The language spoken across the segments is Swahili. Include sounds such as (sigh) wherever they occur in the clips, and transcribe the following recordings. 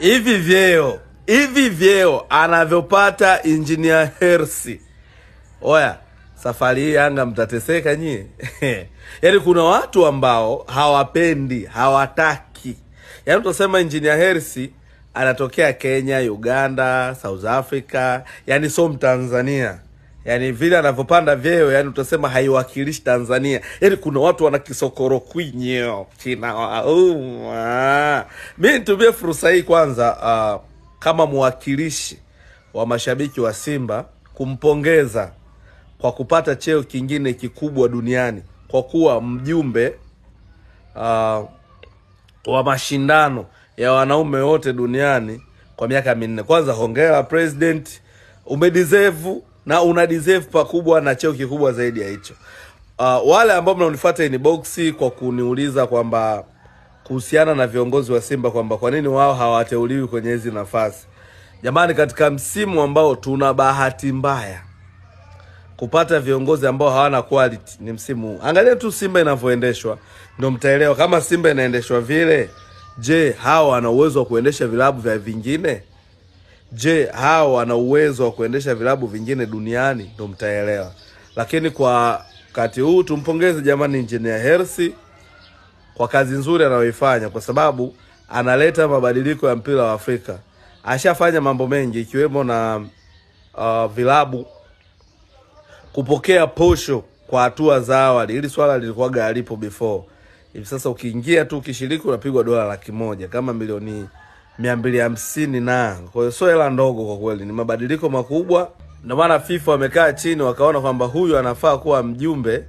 hivi vyeo hivi vyeo anavyopata injinia Hersi. Oya, safari hii Yanga mtateseka nyie. (laughs) Yaani kuna watu ambao hawapendi, hawataki. Yaani utasema injinia Hersi anatokea Kenya, Uganda, South Africa, yaani so Mtanzania yani vile anavyopanda vyeo, yani utasema haiwakilishi Tanzania. Yani kuna watu wana kisokoro kwinyo kinawauma. Mi nitumie fursa hii kwanza, uh, kama mwakilishi wa mashabiki wa Simba kumpongeza kwa kupata cheo kingine kikubwa duniani kwa kuwa mjumbe uh, wa mashindano ya wanaume wote duniani kwa miaka minne. Kwanza hongera president, umedizevu na una deserve pakubwa na cheo kikubwa zaidi ya hicho. Uh, wale ambao mnanifuata inbox kwa kuniuliza kwamba kuhusiana na viongozi wa Simba kwamba kwa nini wao hawateuliwi kwenye hizi nafasi. Jamani, katika msimu ambao tuna bahati mbaya kupata viongozi ambao hawana quality ni msimu huu. Angalia tu Simba inavyoendeshwa ndio mtaelewa. Kama Simba inaendeshwa vile, je, hawa wana uwezo wa kuendesha vilabu vya vingine? je, hawa wana uwezo wa kuendesha vilabu vingine duniani? Ndo mtaelewa. Lakini kwa wakati huu tumpongeze jamani Engineer Hersi kwa kazi nzuri anayoifanya, kwa sababu analeta mabadiliko ya mpira wa Afrika. Ashafanya mambo mengi ikiwemo na uh, vilabu kupokea posho kwa hatua za awali. ili swala lilikuwaga alipo before, hivi sasa ukiingia tu kishiriki unapigwa dola laki moja kama milioni mia mbili hamsini na kwa sio hela ndogo kwa kweli, ni mabadiliko makubwa. Ndio maana FIFA wamekaa chini wakaona kwamba huyu anafaa kuwa mjumbe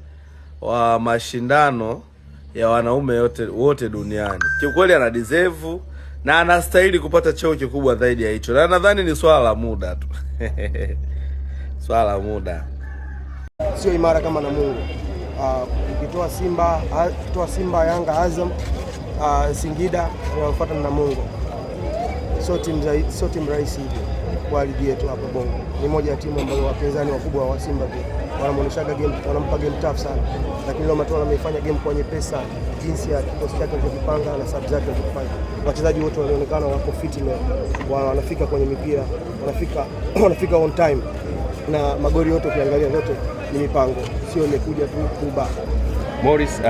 wa mashindano ya wanaume yote wote duniani. Kiukweli ana deserve na anastahili kupata cheo kikubwa zaidi ya hicho, na nadhani ni swala la muda tu (laughs) swala la muda, sio imara kama mungu ah, Ukitoa uh, Simba, uh, Simba Yanga, Azam, uh, Singida, unafuata mungu sio timu sio timu rahisi hivyo kwa ligi yetu hapa Bongo. Ni moja ya timu ambayo wapinzani wakubwa wa Simba pia wanamuonyeshaga game, wanampa game tough sana, lakini leo Matola ameifanya game kwa nyepesa, jinsi ya kikosi chake kilichopanga na sub zake kufanya. Wachezaji wote walionekana wako fit leo, wanafika kwenye mipira, wanafika (clears throat) wanafika on time, na magoli yote ukiangalia yote ni mipango, sio imekuja tu kuba Morris uh,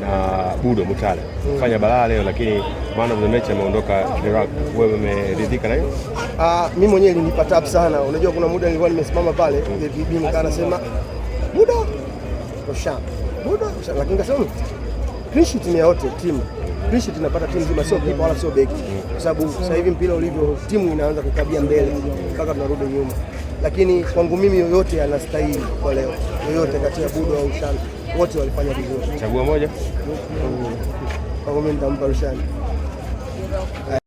na Budo Mutale fanya balaa leo, lakini man of the match ameondoka. Wewe umeridhika na hiyo? Ah, mimi mwenyewe nilipata tabu sana. Unajua kuna muda nilikuwa nimesimama pale JVB mm. nikaa nasema Budo Osha Budo lakini kasema hmm, clean sheet ni ya wote timu appreciate tunapata timu nzima, sio kipa wala sio beki, kwa sababu sasa hivi mpira ulivyo, timu inaanza kukabia mbele mpaka tunarudi nyuma. Lakini kwangu mimi, yoyote anastahili kwa leo, yoyote kati ya Budo au Rushani, wote walifanya vizuri. Chagua moja kwangu mimi, nitampa Rushani.